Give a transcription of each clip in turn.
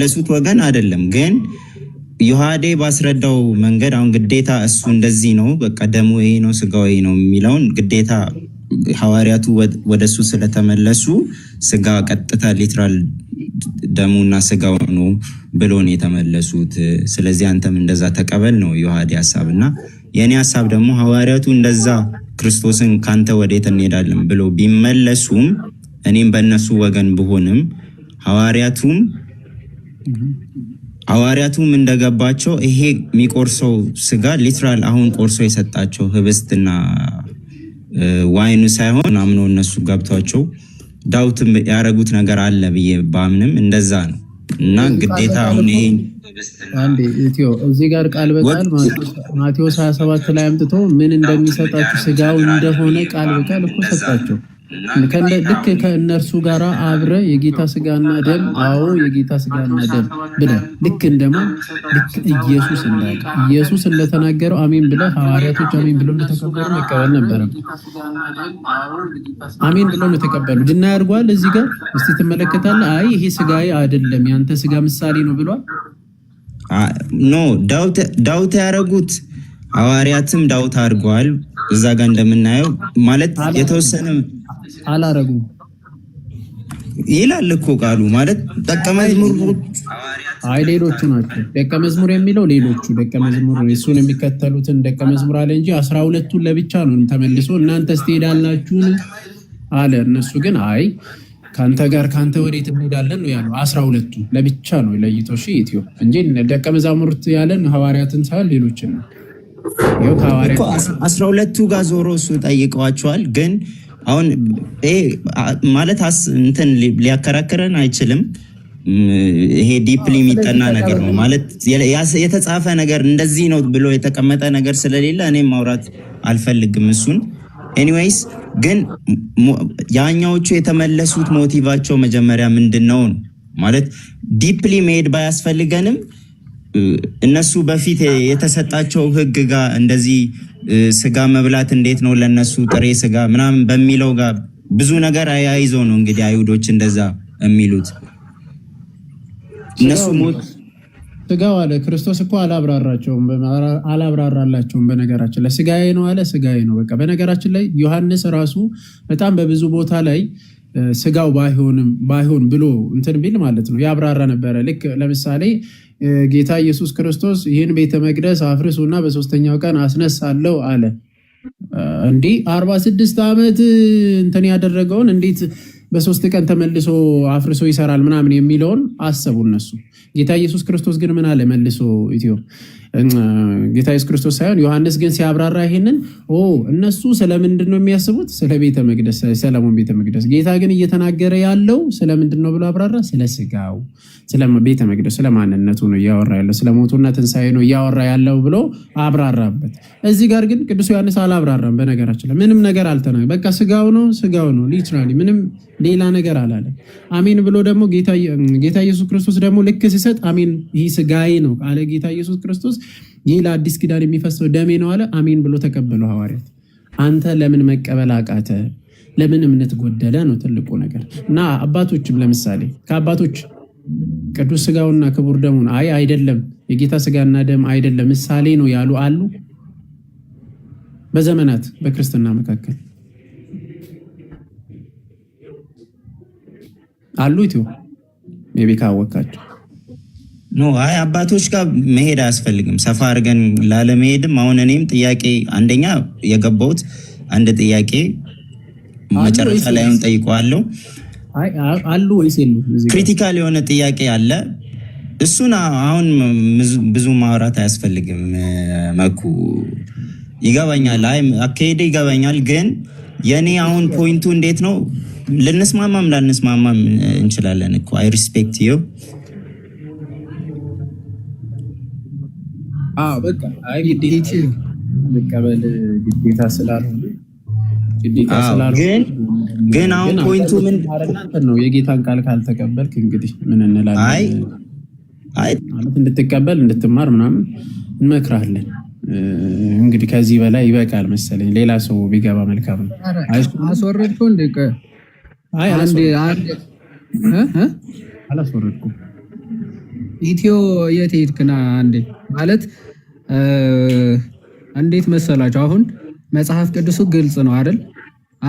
ለሱት ወገን አይደለም ግን ዮሐዴ ባስረዳው መንገድ አሁን ግዴታ እሱ እንደዚህ ነው በቃ ደሙ ይሄ ነው ስጋው ይሄ ነው የሚለውን ግዴታ ሐዋርያቱ ወደ እሱ ስለተመለሱ ስጋ ቀጥታ ሊትራል ደሙና ስጋው ነው ነው የተመለሱት። ስለዚህ አንተም እንደዛ ተቀበል ነው ዮሐዴ ሀሳብ እና የእኔ ሀሳብ ደግሞ ሐዋርያቱ እንደዛ ክርስቶስን ካንተ ወዴት እንሄዳለን ብሎ ቢመለሱም እኔም በእነሱ ወገን ብሆንም ሐዋርያቱም ሐዋርያቱም እንደገባቸው ይሄ የሚቆርሰው ስጋ ሊትራል አሁን ቆርሶ የሰጣቸው ህብስትና ዋይኑ ሳይሆን አምኖ እነሱ ገብቷቸው ዳውት ያደረጉት ነገር አለ ብዬ በአምንም እንደዛ ነው። እና ግዴታ አሁን ይሄ እዚህ ጋር ቃል በቃል ማቴዎስ 27 ላይ አምጥቶ ምን እንደሚሰጣችሁ ስጋው እንደሆነ ቃል በቃል እኮ ሰጣቸው። ልክ ከእነርሱ ጋር አብረ የጌታ ስጋና ደም አዎ የጌታ ስጋና ደም ብለ ልክ እንደማ ልክ ኢየሱስ እንዳለ ኢየሱስ እንደተናገረው አሜን ብለ ሐዋርያቶች አሜን ብለው እንደተቀበሉ መቀበል ነበረ። አሜን ብለው እንደተቀበሉ ድና ያድርጓል። እዚህ ጋር እስቲ ትመለከታለ። አይ ይሄ ስጋዬ አይደለም ያንተ ስጋ ምሳሌ ነው ብሏል። ኖ ዳውት ያደረጉት ሐዋርያትም ዳውት አድርገዋል። እዛ ጋር እንደምናየው ማለት የተወሰነ አላረጉም ይላል እኮ ቃሉ። ማለት ደቀ መዝሙር አይ ሌሎቹ ናቸው። ደቀ መዝሙር የሚለው ሌሎቹ ደቀ መዝሙር እሱን የሚከተሉትን ደቀ መዝሙር አለ እንጂ አስራ ሁለቱን ለብቻ ነው ተመልሶ እናንተ ስትሄዳላችሁን አለ። እነሱ ግን አይ ከአንተ ጋር ከአንተ ወዴት እንሄዳለን ነው ያለው። አስራ ሁለቱ ለብቻ ነው ለይቶ ሺ ኢትዮ እንጂ ደቀ መዛሙርት ያለን ሐዋርያትን ሳይሆን ሌሎችን ነው። አስራ ሁለቱ ጋር ዞሮ እሱ ጠይቀዋቸዋል ግን አሁን ማለት እንትን ሊያከራክረን አይችልም። ይሄ ዲፕሊ የሚጠና ነገር ነው ማለት የተጻፈ ነገር እንደዚህ ነው ብሎ የተቀመጠ ነገር ስለሌለ እኔም ማውራት አልፈልግም እሱን። ኤኒዌይስ ግን ያኛዎቹ የተመለሱት ሞቲቫቸው መጀመሪያ ምንድን ነው ማለት ዲፕሊ መሄድ ባያስፈልገንም እነሱ በፊት የተሰጣቸው ህግ ጋር እንደዚህ ስጋ መብላት እንዴት ነው ለነሱ ጥሬ ስጋ ምናምን በሚለው ጋር ብዙ ነገር አያይዞ ነው እንግዲህ አይሁዶች እንደዛ የሚሉት እነሱ ሞት ስጋ አለ። ክርስቶስ እኮ አላብራራቸውም አላብራራላቸውም። በነገራችን ላይ ስጋዬ ነው አለ። ስጋዬ ነው በቃ። በነገራችን ላይ ዮሐንስ ራሱ በጣም በብዙ ቦታ ላይ ስጋው ባይሆንም ባይሆን ብሎ እንትን ቢል ማለት ነው ያብራራ ነበረ። ልክ ለምሳሌ ጌታ ኢየሱስ ክርስቶስ ይህን ቤተ መቅደስ አፍርሱና በሶስተኛው ቀን አስነሳለሁ አለ። እንዲህ አርባ ስድስት ዓመት እንትን ያደረገውን እንዴት በሶስት ቀን ተመልሶ አፍርሶ ይሰራል ምናምን የሚለውን አሰቡ እነሱ። ጌታ ኢየሱስ ክርስቶስ ግን ምን አለ መልሶ ኢትዮ ጌታ ኢየሱስ ክርስቶስ ሳይሆን ዮሐንስ ግን ሲያብራራ ይሄንን እነሱ ስለምንድን ነው የሚያስቡት? ስለ ቤተ መቅደስ፣ ሰለሞን ቤተ መቅደስ። ጌታ ግን እየተናገረ ያለው ስለምንድን ነው ብሎ አብራራ። ስለ ስጋው፣ ስለ ቤተ መቅደስ፣ ስለ ማንነቱ ነው እያወራ ያለው። ስለ ሞቱና ትንሳኤ ነው እያወራ ያለው ብሎ አብራራበት። እዚህ ጋር ግን ቅዱስ ዮሐንስ አላብራራም። በነገራችን ላይ ምንም ነገር አልተና በቃ ስጋው ነው ስጋው ነው ሊትራሊ ምንም ሌላ ነገር አላለም። አሜን ብሎ ደግሞ ጌታ ኢየሱስ ክርስቶስ ደግሞ ልክ ሲሰጥ አሜን ይህ ስጋዬ ነው ቃለ ጌታ ኢየሱስ ክርስቶስ ይህ ለአዲስ ኪዳን የሚፈሰው ደሜ ነው አለ። አሜን ብሎ ተቀበሉ ሐዋርያት። አንተ ለምን መቀበል አቃተ? ለምን እምነት ጎደለ ነው ትልቁ ነገር። እና አባቶችም ለምሳሌ ከአባቶች ቅዱስ ስጋውና ክቡር ደሙን አይ አይደለም የጌታ ስጋና ደም አይደለም ምሳሌ ነው ያሉ አሉ። በዘመናት በክርስትና መካከል አሉ ኢትዮ ካወቃቸው ኖ አይ አባቶች ጋር መሄድ አያስፈልግም። ሰፋ አድርገን ላለመሄድም አሁን እኔም ጥያቄ አንደኛ የገባሁት አንድ ጥያቄ መጨረሻ ላይ አሁን ጠይቀዋለሁ አሉ ወይስ ክሪቲካል የሆነ ጥያቄ አለ። እሱን አሁን ብዙ ማውራት አያስፈልግም። መኩ ይገባኛል፣ አይ አካሄደ ይገባኛል። ግን የእኔ አሁን ፖይንቱ እንዴት ነው? ልንስማማም ላንስማማም እንችላለን እኮ አይ ሪስፔክት መቀበል ግዴታ ስላልሆነ ግን አሁን ፖይንቱ ምን ነው? የጌታን ቃል ካልተቀበልክ እንግዲህ ምን እንላለን? ማለት እንድትቀበል እንድትማር ምናምን እንመክራለን። እንግዲህ ከዚህ በላይ ይበቃል መሰለኝ። ሌላ ሰው ቢገባ መልካም ነው። አስወረድኩ እንደ አላስወረድኩም ኢትዮ የት ሄድክና? አንዴ ማለት እንዴት መሰላችሁ? አሁን መጽሐፍ ቅዱሱ ግልጽ ነው አይደል?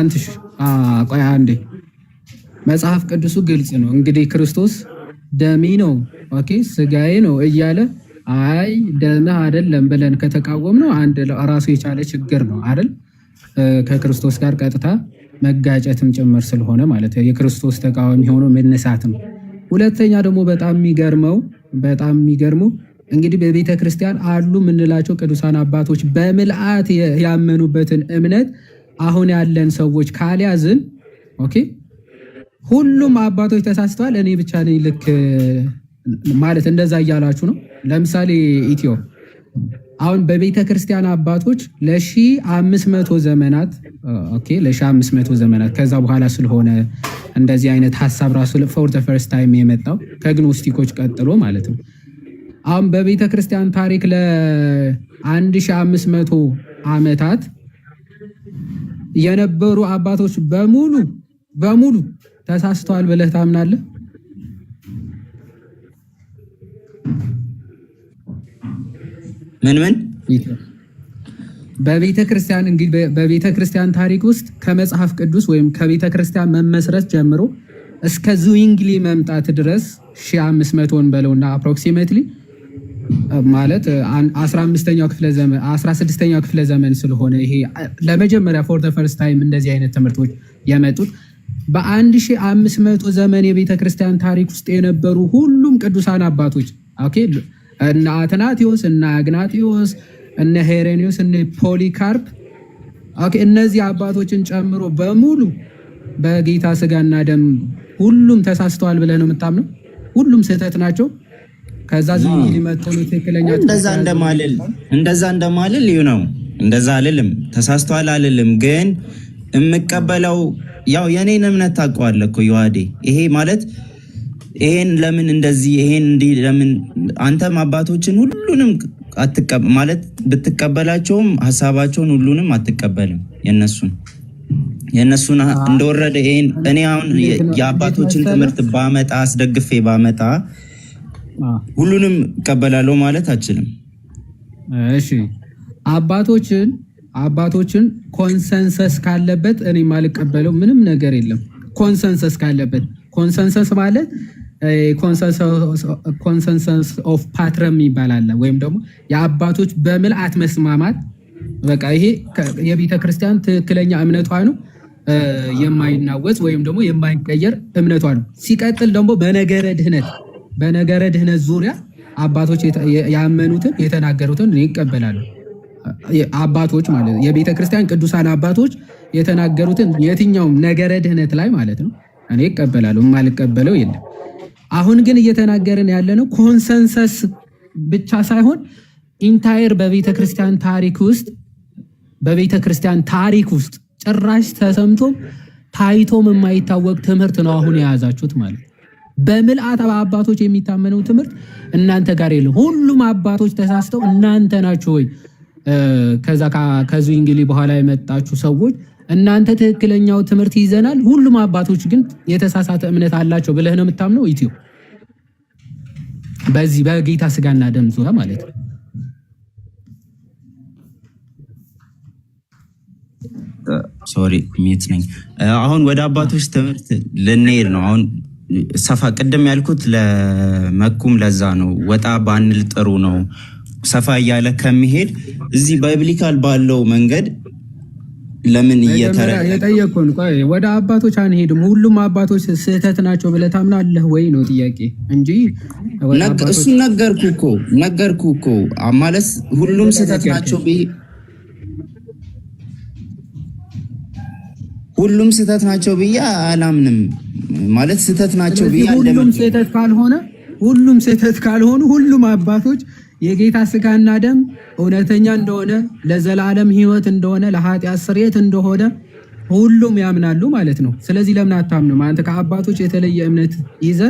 አንትሽ ቆይ አንዴ መጽሐፍ ቅዱሱ ግልጽ ነው። እንግዲህ ክርስቶስ ደሜ ነው ኦኬ፣ ስጋዬ ነው እያለ አይ ደምህ አይደለም ብለን ከተቃወም ነው አንድ ራሱ የቻለ ችግር ነው አይደል? ከክርስቶስ ጋር ቀጥታ መጋጨትም ጭምር ስለሆነ ማለት የክርስቶስ ተቃዋሚ ሆኖ መነሳት ነው። ሁለተኛ ደግሞ በጣም የሚገርመው በጣም የሚገርመው እንግዲህ በቤተ ክርስቲያን አሉ የምንላቸው ቅዱሳን አባቶች በምልአት ያመኑበትን እምነት አሁን ያለን ሰዎች ካልያዝን፣ ኦኬ ሁሉም አባቶች ተሳስተዋል፣ እኔ ብቻ ነኝ ልክ ማለት እንደዛ እያላችሁ ነው። ለምሳሌ ኢትዮ አሁን በቤተ ክርስቲያን አባቶች ለ1500 ዘመናት ኦኬ ለ1500 ዘመናት ከዛ በኋላ ስለሆነ እንደዚህ አይነት ሀሳብ ራሱ ፎር ዘ ፈርስት ታይም የመጣው ከግኖስቲኮች ቀጥሎ ማለት ነው። አሁን በቤተ ክርስቲያን ታሪክ ለ1500 ዓመታት የነበሩ አባቶች በሙሉ በሙሉ ተሳስተዋል ብለህ ታምናለህ? ምን ምን በቤተ ክርስቲያን እንግዲህ በቤተ ክርስቲያን ታሪክ ውስጥ ከመጽሐፍ ቅዱስ ወይም ከቤተ ክርስቲያን መመስረት ጀምሮ እስከ ዝዊንግሊ መምጣት ድረስ 1500ን በለውና አፕሮክሲሜትሊ ማለት 15ኛው ክፍለ ዘመን 16ኛው ክፍለ ዘመን ስለሆነ ይሄ ለመጀመሪያ ፎር ዘ ፈርስት ታይም እንደዚህ አይነት ትምህርቶች የመጡት በ1500 ዘመን የቤተ ክርስቲያን ታሪክ ውስጥ የነበሩ ሁሉም ቅዱሳን አባቶች ኦኬ እነ አትናቴዎስ እነ አግናቴዎስ እነ ሄሬኒዎስ እነ ፖሊካርፕ እነዚህ አባቶችን ጨምሮ በሙሉ በጌታ ስጋና ደም ሁሉም ተሳስተዋል ብለህ ነው የምታምነው? ሁሉም ስህተት ናቸው። ከዛ ዝም ነው ትክክለኛ እንደዛ እንደማልል እንደዛ እንደማልል ይሁ ነው እንደዛ አልልም፣ ተሳስተዋል አልልም። ግን የምቀበለው ያው የኔን እምነት ታውቀዋለህ እኮ ይዋዴ ይሄ ማለት ይሄን ለምን እንደዚህ ይሄን እንዲ ለምን አንተም አባቶችን ሁሉንም ማለት ብትቀበላቸውም ሀሳባቸውን ሁሉንም አትቀበልም። የነሱን የእነሱን እንደወረደ ይሄን እኔ አሁን የአባቶችን ትምህርት ባመጣ አስደግፌ ባመጣ ሁሉንም እቀበላለሁ ማለት አችልም። እሺ አባቶችን አባቶችን ኮንሰንሰስ ካለበት እኔ ማልቀበለው ምንም ነገር የለም። ኮንሰንሰስ ካለበት ኮንሰንሰስ ማለት ኮንሰንሰስ ኦፍ ፓትረም ይባላል። ወይም ደግሞ የአባቶች በምልአት መስማማት በቃ ይሄ የቤተ ክርስቲያን ትክክለኛ እምነቷ ነው፣ የማይናወጽ ወይም ደግሞ የማይቀየር እምነቷ ነው። ሲቀጥል ደግሞ በነገረ ድህነት በነገረ ድህነት ዙሪያ አባቶች ያመኑትን የተናገሩትን ይቀበላሉ። አባቶች ማለት የቤተ ክርስቲያን ቅዱሳን አባቶች የተናገሩትን የትኛውም ነገረ ድህነት ላይ ማለት ነው እኔ ይቀበላሉ። የማልቀበለው የለም። አሁን ግን እየተናገርን ያለነው ኮንሰንሰስ ብቻ ሳይሆን ኢንታየር በቤተ ክርስቲያን ታሪክ ውስጥ በቤተ ክርስቲያን ታሪክ ውስጥ ጭራሽ ተሰምቶ ታይቶም የማይታወቅ ትምህርት ነው አሁን የያዛችሁት ማለት በምልአት አባቶች የሚታመነው ትምህርት እናንተ ጋር የለም። ሁሉም አባቶች ተሳስተው እናንተ ናችሁ ወይ ከዛ ከዙ በኋላ የመጣችሁ ሰዎች እናንተ ትክክለኛው ትምህርት ይዘናል፣ ሁሉም አባቶች ግን የተሳሳተ እምነት አላቸው ብለህ ነው የምታምነው? ኢትዮ በዚህ በጌታ ስጋና ደም ዙሪያ ማለት ነው። ሶሪ ሚት ነኝ። አሁን ወደ አባቶች ትምህርት ልንሄድ ነው። አሁን ሰፋ ቅድም ያልኩት ለመኩም ለዛ ነው ወጣ ባንል ጥሩ ነው። ሰፋ እያለ ከሚሄድ እዚህ ባይብሊካል ባለው መንገድ ለምን እየተረየጠየቅኩን ወደ አባቶች አንሄድም፣ ሁሉም አባቶች ስህተት ናቸው ብለህ ታምናለህ ወይ ነው ጥያቄ እንጂ እሱ ነገርኩ እኮ ነገርኩ እኮ ማለስ ሁሉም ስህተት ናቸው ሁሉም ስህተት ናቸው ብዬ አላምንም። ማለት ስህተት ናቸው ብዬ ሁሉም ስህተት ካልሆነ ሁሉም ስህተት ካልሆኑ ሁሉም አባቶች የጌታ ስጋና ደም እውነተኛ እንደሆነ ለዘላለም ህይወት እንደሆነ ለኃጢአት ስርየት እንደሆነ ሁሉም ያምናሉ ማለት ነው። ስለዚህ ለምን አታምንም? አንተ ከአባቶች የተለየ እምነት ይዘ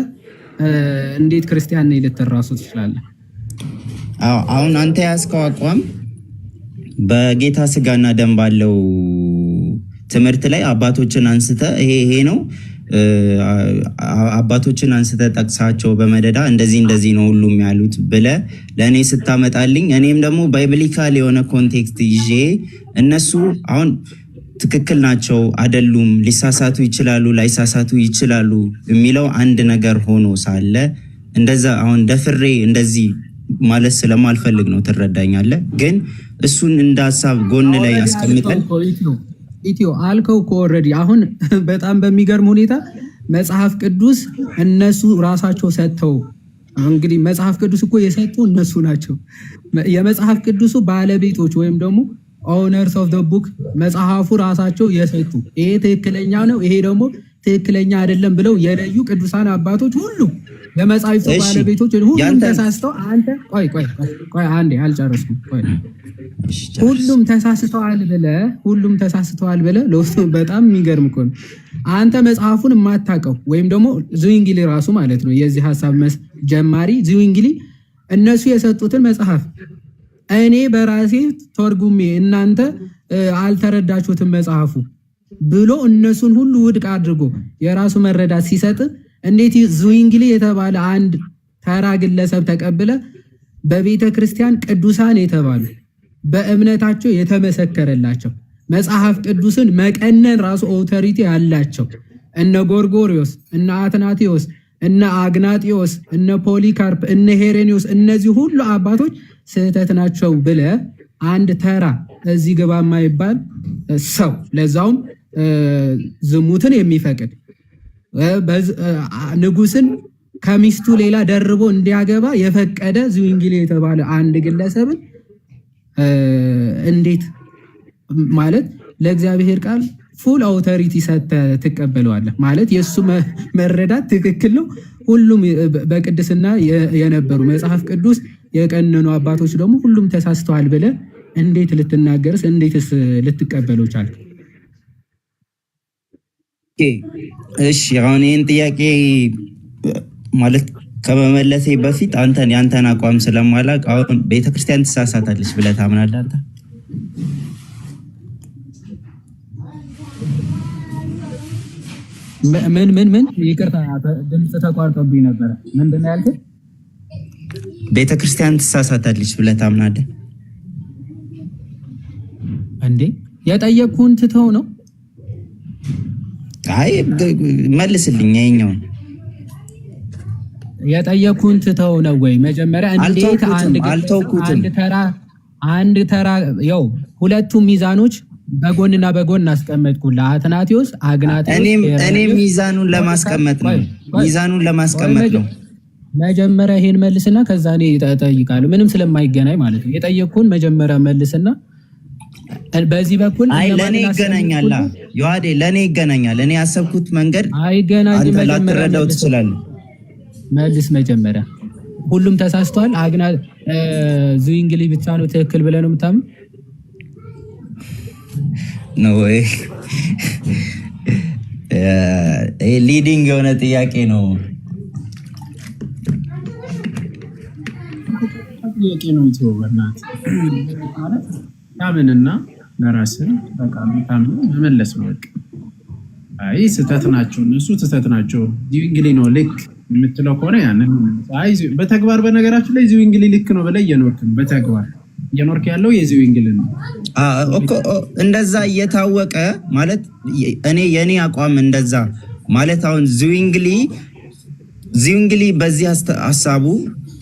እንዴት ክርስቲያን ነኝ ልትራሱ ትችላለህ? አሁን አንተ ያስከው አቋም በጌታ ስጋና ደም ባለው ትምህርት ላይ አባቶችን አንስተ ይሄ ይሄ ነው አባቶችን አንስተ ጠቅሳቸው በመደዳ እንደዚህ እንደዚህ ነው ሁሉም ያሉት ብለ ለእኔ ስታመጣልኝ እኔም ደግሞ ባይብሊካል የሆነ ኮንቴክስት ይዤ እነሱ አሁን ትክክል ናቸው አይደሉም፣ ሊሳሳቱ ይችላሉ፣ ላይሳሳቱ ይችላሉ የሚለው አንድ ነገር ሆኖ ሳለ እንደዛ አሁን ደፍሬ እንደዚህ ማለት ስለማልፈልግ ነው። ትረዳኛለህ? ግን እሱን እንደ ሀሳብ ጎን ላይ አስቀምጠን። ኢትዮ አልከው እኮ ኦልሬዲ። አሁን በጣም በሚገርም ሁኔታ መጽሐፍ ቅዱስ እነሱ ራሳቸው ሰጥተው እንግዲህ መጽሐፍ ቅዱስ እኮ የሰጡ እነሱ ናቸው። የመጽሐፍ ቅዱሱ ባለቤቶች ወይም ደግሞ ኦነርስ ኦፍ ዘ ቡክ መጽሐፉ ራሳቸው የሰጡ ይሄ ትክክለኛ ነው፣ ይሄ ደግሞ ትክክለኛ አይደለም ብለው የለዩ ቅዱሳን አባቶች ሁሉ ለመጻይቱ ባለቤቶች ሁሉም ተሳስተው አንተ ቆይ ቆይ ቆይ አንዴ አልጨረስኩም። ሁሉም ተሳስተዋል ብለህ ሁሉም ተሳስተዋል ብለህ ለውስጥ በጣም የሚገርም እኮ ነው። አንተ መጽሐፉን የማታውቀው ወይም ደግሞ ዙዊንግሊ ራሱ ማለት ነው የዚህ ሀሳብ ጀማሪ ዙዊንግሊ እነሱ የሰጡትን መጽሐፍ እኔ በራሴ ተርጉሜ እናንተ አልተረዳችሁትም መጽሐፉ ብሎ እነሱን ሁሉ ውድቅ አድርጎ የራሱ መረዳት ሲሰጥ እንዴት ዙዊንግሊ የተባለ አንድ ተራ ግለሰብ ተቀብለ በቤተ ክርስቲያን ቅዱሳን የተባሉ በእምነታቸው የተመሰከረላቸው መጽሐፍ ቅዱስን መቀነን ራሱ ኦውተሪቲ ያላቸው እነ ጎርጎሪዮስ እነ አትናቴዎስ እነ አግናጢዮስ እነ ፖሊካርፕ እነ ሄሬኒዎስ እነዚህ ሁሉ አባቶች ስህተት ናቸው ብለ አንድ ተራ እዚህ ግባ የማይባል ሰው ለዛውም ዝሙትን የሚፈቅድ ንጉስን ከሚስቱ ሌላ ደርቦ እንዲያገባ የፈቀደ ዝዊንግሊ የተባለ አንድ ግለሰብን እንዴት ማለት ለእግዚአብሔር ቃል ፉል አውቶሪቲ ሰጥተህ ትቀበለዋለህ? ማለት የእሱ መረዳት ትክክል ነው። ሁሉም በቅድስና የነበሩ መጽሐፍ ቅዱስ የቀነኑ አባቶች ደግሞ ሁሉም ተሳስተዋል ብለህ እንዴት ልትናገርስ፣ እንዴትስ ልትቀበለው ቻልክ? እሺ አሁን ይህን ጥያቄ ማለት ከመመለሴ በፊት አንተን የአንተን አቋም ስለማላቅ አሁን ቤተክርስቲያን ትሳሳታለች ብለህ ታምናለህ አንተ? ምን ምን ምን? ይቅርታ ድምፅ ተቋርጦብኝ ነበረ። ምንድን ነው ያልከኝ? ቤተክርስቲያን ትሳሳታለች ብለህ ታምናለህ እንዴ? የጠየቅኩህን ትተው ነው አይ መልስልኝ። ይኸኛውን የጠየኩህን ትተው ነው ወይ? መጀመሪያ እንዴት አንድ ተራ አንድ ተራ ያው ሁለቱም ሚዛኖች በጎንና በጎን እናስቀመጥኩልህ። አትናቴዎስ አግናቴዎስ እኔም ሚዛኑን ለማስቀመጥ ነው ሚዛኑን ለማስቀመጥ ነው። መጀመሪያ ይሄን መልስና ከዛ እኔ እጠይቃለሁ። ምንም ስለማይገናኝ ማለት ነው። የጠየቅኩህን መጀመሪያ መልስና በዚህ በኩል አይ ለእኔ ይገናኛል። ዮሐዴ ለእኔ ይገናኛል። እኔ ያሰብኩት መንገድ አይገናኝም። ላትረዳው ትችላለህ። መልስ መጀመሪያ ሁሉም ተሳስተዋል። አግና ዙ እንግሊዝ ብቻ ነው ትክክል ብለህ ነው የምታምን ነው ወይ? ሊዲንግ የሆነ ጥያቄ ነው ጥያቄ ነው ታምንና ለራስን በቃ ታምን መመለስ ነው። አይ ስህተት ናቸው እነሱ ስህተት ናቸው፣ ዚዊንግሊ ነው ልክ የምትለው ከሆነ ያንን በተግባር በነገራችን ላይ ዚዊንግሊ ልክ ነው ብለህ እየኖርክ ነው። በተግባር እየኖርክ ያለው የዚዊንግሊ ነው። እንደዛ እየታወቀ ማለት እኔ የእኔ አቋም እንደዛ ማለት አሁን ዚዊንግሊ ዚዊንግሊ በዚህ ሀሳቡ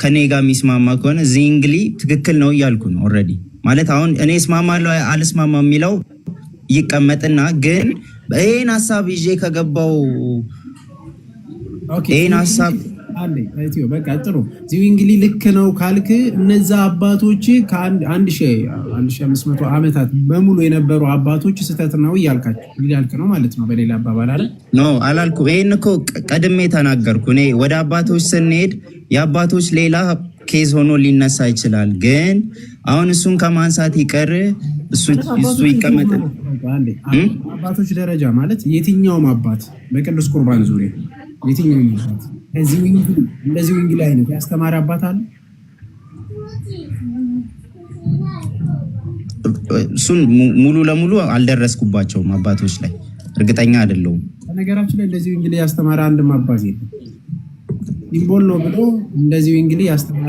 ከኔ ጋር የሚስማማ ከሆነ ዚዊንግሊ ትክክል ነው እያልኩ ነው ኦልሬዲ ማለት አሁን እኔ እስማማለሁ አልስማማ የሚለው ይቀመጥና ግን ይህን ሀሳብ ይዤ ከገባው ይህን ሀሳብ በቃ ጥሩ እንግዲህ ልክ ነው ካልክ እነዛ አባቶች ከአንድ ሺህ አምስት መቶ ዓመታት በሙሉ የነበሩ አባቶች ስህተት ነው እያልክ ነው ማለት ነው። በሌላ አባባል አለ ኖ አላልኩም። ይህን እኮ ቀድሜ ተናገርኩ። እኔ ወደ አባቶች ስንሄድ የአባቶች ሌላ ኬዝ ሆኖ ሊነሳ ይችላል። ግን አሁን እሱን ከማንሳት ይቀር እሱ ይቀመጥ። አባቶች ደረጃ ማለት የትኛውም አባት በቅዱስ ቁርባን ዙሪያ የትኛውም አባት እንደዚህ ወንጌል አይነት ያስተማረ አባት አለ። እሱን ሙሉ ለሙሉ አልደረስኩባቸውም አባቶች ላይ እርግጠኛ አይደለሁም። በነገራችን ላይ እንደዚህ ወንጌል ያስተማረ አንድም አባት የለም። ሲምቦል ነው ብሎ እንደዚህ ወንጌል ያስተማረ